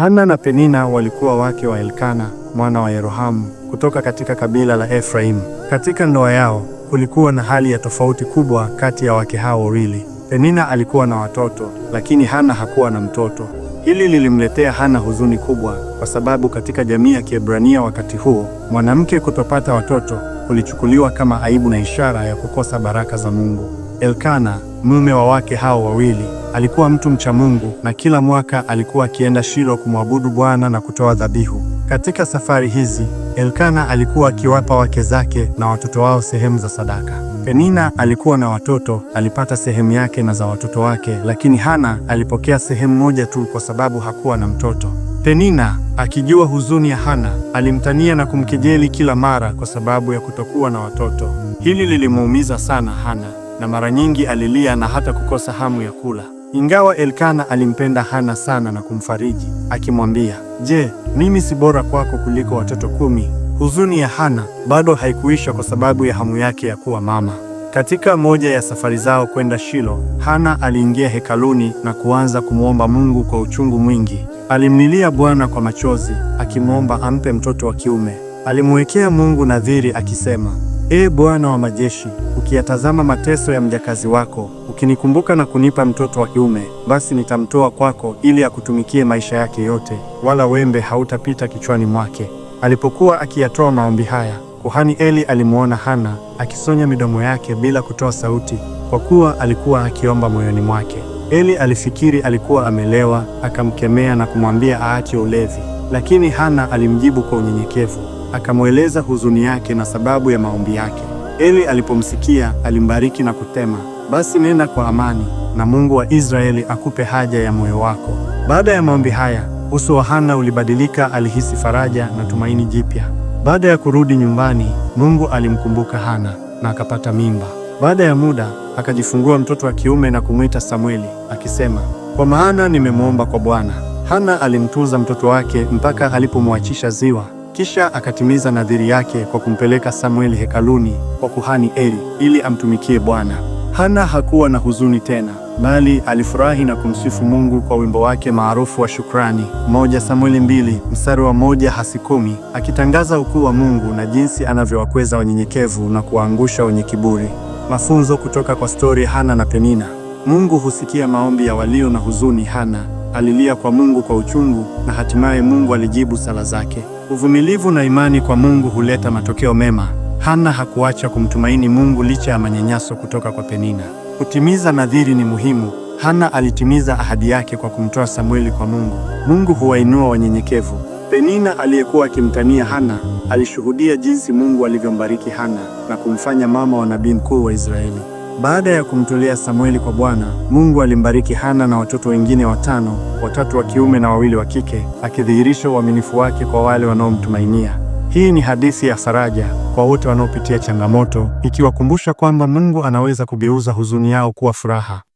Hana na Penina walikuwa wake wa Elkana mwana wa Yerohamu kutoka katika kabila la Efraimu. Katika ndoa yao kulikuwa na hali ya tofauti kubwa kati ya wake hao wawili. Penina alikuwa na watoto lakini Hana hakuwa na mtoto. Hili lilimletea Hana huzuni kubwa, kwa sababu katika jamii ya Kiebrania wakati huo mwanamke kutopata watoto kulichukuliwa kama aibu na ishara ya kukosa baraka za Mungu. Elkana mume wa wake hao wawili Alikuwa mtu mcha Mungu na kila mwaka alikuwa akienda Shilo kumwabudu Bwana na kutoa dhabihu. Katika safari hizi, Elkana alikuwa akiwapa wake zake na watoto wao sehemu za sadaka. Penina alikuwa na watoto, alipata sehemu yake na za watoto wake, lakini Hana alipokea sehemu moja tu kwa sababu hakuwa na mtoto. Penina akijua huzuni ya Hana, alimtania na kumkejeli kila mara kwa sababu ya kutokuwa na watoto. Hili lilimuumiza sana Hana na mara nyingi alilia na hata kukosa hamu ya kula. Ingawa Elkana alimpenda Hana sana na kumfariji akimwambia, je, mimi si bora kwako kuliko watoto kumi? Huzuni ya Hana bado haikuisha kwa sababu ya hamu yake ya kuwa mama. Katika moja ya safari zao kwenda Shilo, Hana aliingia hekaluni na kuanza kumwomba Mungu kwa uchungu mwingi. Alimlilia Bwana kwa machozi akimwomba ampe mtoto wa kiume. Alimwekea Mungu nadhiri akisema, Ee Bwana wa majeshi, ukiyatazama mateso ya mjakazi wako, ukinikumbuka na kunipa mtoto wa kiume, basi nitamtoa kwako ili akutumikie maisha yake yote, wala wembe hautapita kichwani mwake. Alipokuwa akiyatoa maombi haya, kuhani Eli alimwona Hana akisonya midomo yake bila kutoa sauti, kwa kuwa alikuwa akiomba moyoni mwake. Eli alifikiri alikuwa amelewa, akamkemea na kumwambia aache ulevi, lakini Hana alimjibu kwa unyenyekevu, akamweleza huzuni yake na sababu ya maombi yake. Eli alipomsikia alimbariki na kutema, basi nenda kwa amani na Mungu wa Israeli akupe haja ya moyo wako. Baada ya maombi haya, uso wa Hana ulibadilika, alihisi faraja na tumaini jipya. Baada ya kurudi nyumbani, Mungu alimkumbuka Hana na akapata mimba. Baada ya muda akajifungua mtoto wa kiume na kumwita Samueli akisema, kwa maana nimemwomba kwa Bwana. Hana alimtunza mtoto wake mpaka alipomwachisha ziwa. Kisha akatimiza nadhiri yake kwa kumpeleka Samueli hekaluni kwa kuhani Eli ili amtumikie Bwana. Hana hakuwa na huzuni tena, bali alifurahi na kumsifu Mungu kwa wimbo wake maarufu wa shukrani, moja Samueli mbili mstari wa moja hasikumi, akitangaza ukuu wa Mungu na jinsi anavyowakweza wanyenyekevu na kuwaangusha wenye kiburi. Mafunzo kutoka kwa stori Hana na Penina: Mungu husikia maombi ya walio na huzuni. Hana alilia kwa Mungu kwa uchungu na hatimaye Mungu alijibu sala zake. Uvumilivu na imani kwa Mungu huleta matokeo mema. Hana hakuacha kumtumaini Mungu licha ya manyanyaso kutoka kwa Penina. Kutimiza nadhiri ni muhimu. Hana alitimiza ahadi yake kwa kumtoa Samueli kwa Mungu. Mungu huwainua wanyenyekevu. Penina aliyekuwa akimtania Hana alishuhudia jinsi Mungu alivyombariki Hana na kumfanya mama wa nabii mkuu wa Israeli. Baada ya kumtolea Samueli kwa Bwana, Mungu alimbariki Hana na watoto wengine watano, watatu wa kiume na wawili wa kike, akidhihirisha uaminifu wake kwa wale wanaomtumainia. Hii ni hadithi ya faraja kwa wote wanaopitia changamoto, ikiwakumbusha kwamba Mungu anaweza kugeuza huzuni yao kuwa furaha.